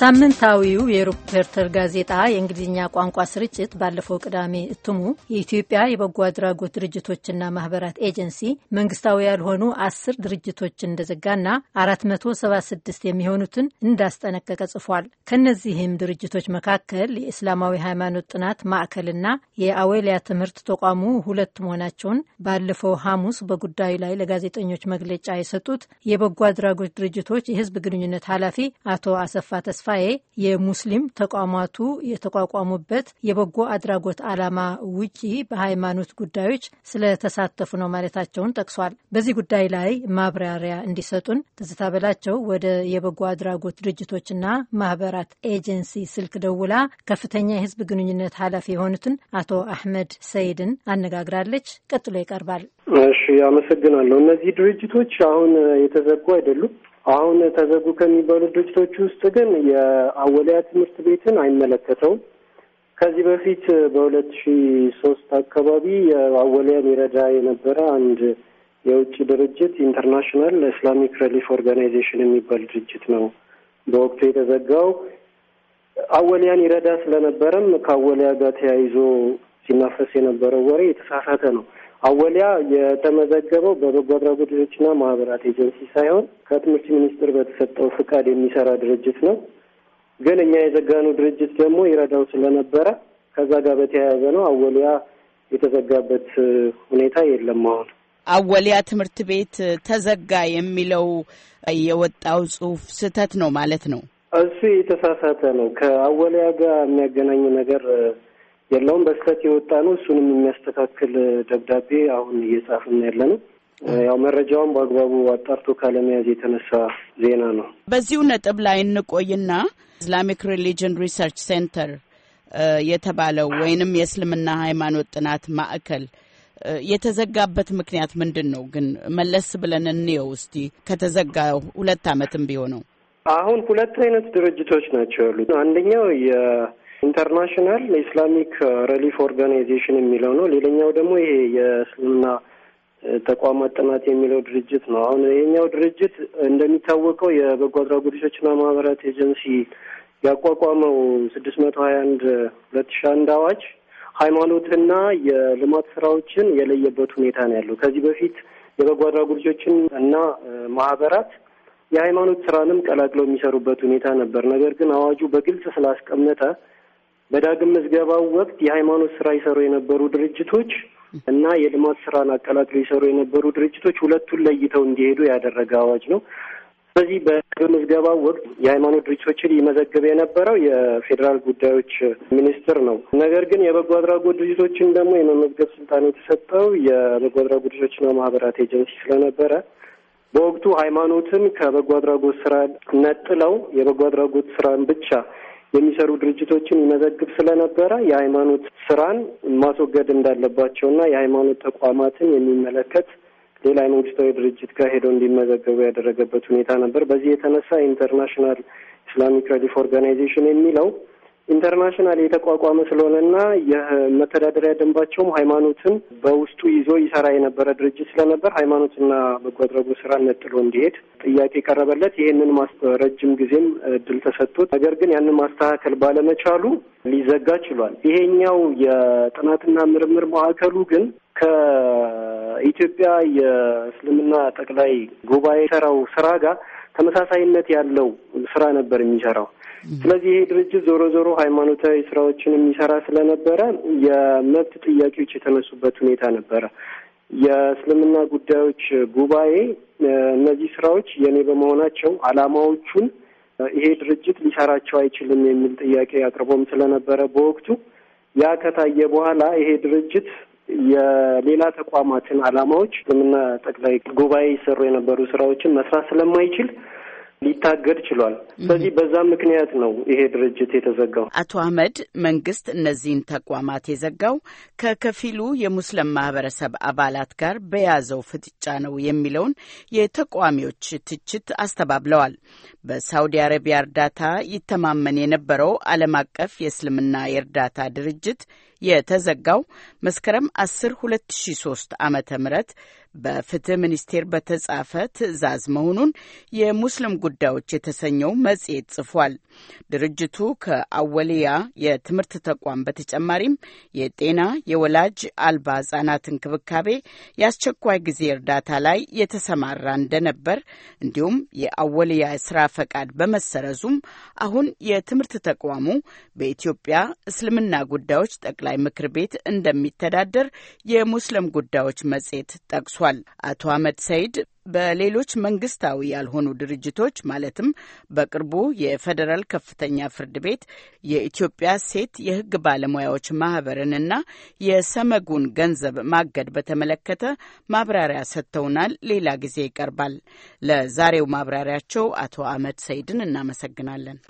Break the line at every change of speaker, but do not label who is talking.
ሳምንታዊው የሪፖርተር ጋዜጣ የእንግሊዝኛ ቋንቋ ስርጭት ባለፈው ቅዳሜ እትሙ የኢትዮጵያ የበጎ አድራጎት ድርጅቶችና ማህበራት ኤጀንሲ መንግስታዊ ያልሆኑ አስር ድርጅቶችን እንደዘጋና 476 የሚሆኑትን እንዳስጠነቀቀ ጽፏል። ከእነዚህም ድርጅቶች መካከል የእስላማዊ ሃይማኖት ጥናት ማዕከልና የአወሊያ ትምህርት ተቋሙ ሁለት መሆናቸውን ባለፈው ሐሙስ በጉዳዩ ላይ ለጋዜጠኞች መግለጫ የሰጡት የበጎ አድራጎት ድርጅቶች የህዝብ ግንኙነት ኃላፊ አቶ አሰፋ ተስፋ ተስፋዬ የሙስሊም ተቋማቱ የተቋቋሙበት የበጎ አድራጎት ዓላማ ውጪ በሃይማኖት ጉዳዮች ስለተሳተፉ ነው ማለታቸውን ጠቅሷል። በዚህ ጉዳይ ላይ ማብራሪያ እንዲሰጡን ትዝታ በላቸው ወደ የበጎ አድራጎት ድርጅቶችና ማህበራት ኤጀንሲ ስልክ ደውላ ከፍተኛ የህዝብ ግንኙነት ኃላፊ የሆኑትን አቶ አህመድ ሰይድን አነጋግራለች። ቀጥሎ ይቀርባል።
እሺ፣ አመሰግናለሁ። እነዚህ ድርጅቶች አሁን የተዘጉ አይደሉም። አሁን ተዘጉ ከሚባሉ ድርጅቶች ውስጥ ግን የአወሊያ ትምህርት ቤትን አይመለከተውም። ከዚህ በፊት በሁለት ሺ ሶስት አካባቢ የአወሊያን ይረዳ የነበረ አንድ የውጭ ድርጅት ኢንተርናሽናል ኢስላሚክ ሪሊፍ ኦርጋናይዜሽን የሚባል ድርጅት ነው በወቅቱ የተዘጋው። አወሊያን ይረዳ ስለነበረም ከአወሊያ ጋር ተያይዞ ሲናፈስ የነበረው ወሬ የተሳሳተ ነው። አወሊያ የተመዘገበው በበጎ አድራጎት ድርጅቶችና ማህበራት ኤጀንሲ ሳይሆን ከትምህርት ሚኒስቴር በተሰጠው ፍቃድ የሚሰራ ድርጅት ነው። ግን እኛ የዘጋነው ድርጅት ደግሞ ይረዳው ስለነበረ ከዛ ጋር በተያያዘ ነው። አወሊያ የተዘጋበት ሁኔታ የለም። አሁን
አወሊያ ትምህርት ቤት ተዘጋ የሚለው የወጣው ጽሁፍ ስህተት ነው ማለት ነው።
እሱ የተሳሳተ ነው። ከአወሊያ ጋር የሚያገናኝ ነገር የለውም። በስህተት የወጣ ነው። እሱንም የሚያስተካክል ደብዳቤ አሁን እየጻፍን ያለ ነው። ያው መረጃውን በአግባቡ አጣርቶ ካለመያዝ የተነሳ ዜና ነው።
በዚሁ ነጥብ ላይ እንቆይና ኢስላሚክ ሪሊጅን ሪሰርች ሴንተር የተባለው ወይንም የእስልምና ሃይማኖት ጥናት ማዕከል የተዘጋበት ምክንያት ምንድን ነው? ግን መለስ ብለን እንየው እስቲ ከተዘጋ ሁለት ዓመትም ቢሆነው።
አሁን ሁለት አይነት ድርጅቶች ናቸው ያሉት። አንደኛው ኢንተርናሽናል ኢስላሚክ ሪሊፍ ኦርጋናይዜሽን የሚለው ነው። ሌላኛው ደግሞ ይሄ የእስልምና ተቋማት ጥናት የሚለው ድርጅት ነው። አሁን ይሄኛው ድርጅት እንደሚታወቀው የበጎ አድራጎቶችና ማህበራት ኤጀንሲ ያቋቋመው ስድስት መቶ ሀያ አንድ ሁለት ሺ አንድ አዋጅ ሃይማኖትና የልማት ስራዎችን የለየበት ሁኔታ ነው ያለው። ከዚህ በፊት የበጎ አድራጎቶችን እና ማህበራት የሃይማኖት ስራንም ቀላቅለው የሚሰሩበት ሁኔታ ነበር። ነገር ግን አዋጁ በግልጽ ስላስቀመጠ በዳግም ምዝገባው ወቅት የሃይማኖት ስራ ይሰሩ የነበሩ ድርጅቶች እና የልማት ስራን አቀላቅሎ ይሰሩ የነበሩ ድርጅቶች ሁለቱን ለይተው እንዲሄዱ ያደረገ አዋጅ ነው። ስለዚህ በምዝገባው ወቅት የሃይማኖት ድርጅቶችን ይመዘግብ የነበረው የፌዴራል ጉዳዮች ሚኒስቴር ነው። ነገር ግን የበጎ አድራጎት ድርጅቶችን ደግሞ የመመዝገብ ስልጣን የተሰጠው የበጎ አድራጎት ድርጅቶችና ማህበራት ኤጀንሲ ስለነበረ በወቅቱ ሃይማኖትን ከበጎ አድራጎት ስራ ነጥለው የበጎ አድራጎት ስራን ብቻ የሚሰሩ ድርጅቶችን ይመዘግብ ስለነበረ የሃይማኖት ስራን ማስወገድ እንዳለባቸውና የሃይማኖት ተቋማትን የሚመለከት ሌላ የመንግስታዊ ድርጅት ጋር ሄዶ እንዲመዘገቡ ያደረገበት ሁኔታ ነበር። በዚህ የተነሳ ኢንተርናሽናል ኢስላሚክ ሪሊፍ ኦርጋናይዜሽን የሚለው ኢንተርናሽናል የተቋቋመ ስለሆነና የመተዳደሪያ ደንባቸውም ሃይማኖትን በውስጡ ይዞ ይሰራ የነበረ ድርጅት ስለነበር ሃይማኖትና በጎ አድራጎት ስራ ነጥሎ እንዲሄድ ጥያቄ ቀረበለት። ይህንን ረጅም ጊዜም እድል ተሰጥቶት፣ ነገር ግን ያንን ማስተካከል ባለመቻሉ ሊዘጋ ችሏል። ይሄኛው የጥናትና ምርምር ማዕከሉ ግን ከኢትዮጵያ የእስልምና ጠቅላይ ጉባኤ ሰራው ስራ ጋር ተመሳሳይነት ያለው ስራ ነበር የሚሰራው። ስለዚህ ይሄ ድርጅት ዞሮ ዞሮ ሃይማኖታዊ ስራዎችን የሚሰራ ስለነበረ የመብት ጥያቄዎች የተነሱበት ሁኔታ ነበረ። የእስልምና ጉዳዮች ጉባኤ እነዚህ ስራዎች የእኔ በመሆናቸው አላማዎቹን ይሄ ድርጅት ሊሰራቸው አይችልም የሚል ጥያቄ አቅርቦም ስለነበረ በወቅቱ ያ ከታየ በኋላ ይሄ ድርጅት የሌላ ተቋማትን አላማዎች ምና ጠቅላይ ጉባኤ ይሰሩ የነበሩ ስራዎችን መስራት ስለማይችል ሊታገድ ችሏል። ስለዚህ በዛ ምክንያት ነው ይሄ ድርጅት የተዘጋው።
አቶ አህመድ መንግስት እነዚህን ተቋማት የዘጋው ከከፊሉ የሙስሊም ማህበረሰብ አባላት ጋር በያዘው ፍጥጫ ነው የሚለውን የተቃዋሚዎች ትችት አስተባብለዋል። በሳውዲ አረቢያ እርዳታ ይተማመን የነበረው ዓለም አቀፍ የእስልምና የእርዳታ ድርጅት የተዘጋው መስከረም 10 2003 ዓ ም በፍትህ ሚኒስቴር በተጻፈ ትዕዛዝ መሆኑን የሙስሊም ጉዳዮች የተሰኘው መጽሔት ጽፏል። ድርጅቱ ከአወሊያ የትምህርት ተቋም በተጨማሪም የጤና፣ የወላጅ አልባ ህጻናት እንክብካቤ፣ የአስቸኳይ ጊዜ እርዳታ ላይ የተሰማራ እንደነበር እንዲሁም የአወሊያ ስራ ፈቃድ በመሰረዙም አሁን የትምህርት ተቋሙ በኢትዮጵያ እስልምና ጉዳዮች ጠቅላ ጠቅላይ ምክር ቤት እንደሚተዳደር የሙስሊም ጉዳዮች መጽሔት ጠቅሷል። አቶ አህመድ ሰይድ በሌሎች መንግስታዊ ያልሆኑ ድርጅቶች ማለትም በቅርቡ የፌዴራል ከፍተኛ ፍርድ ቤት የኢትዮጵያ ሴት የህግ ባለሙያዎች ማህበርንና የሰመጉን ገንዘብ ማገድ በተመለከተ ማብራሪያ ሰጥተውናል። ሌላ ጊዜ ይቀርባል። ለዛሬው ማብራሪያቸው አቶ አህመድ ሰይድን እናመሰግናለን።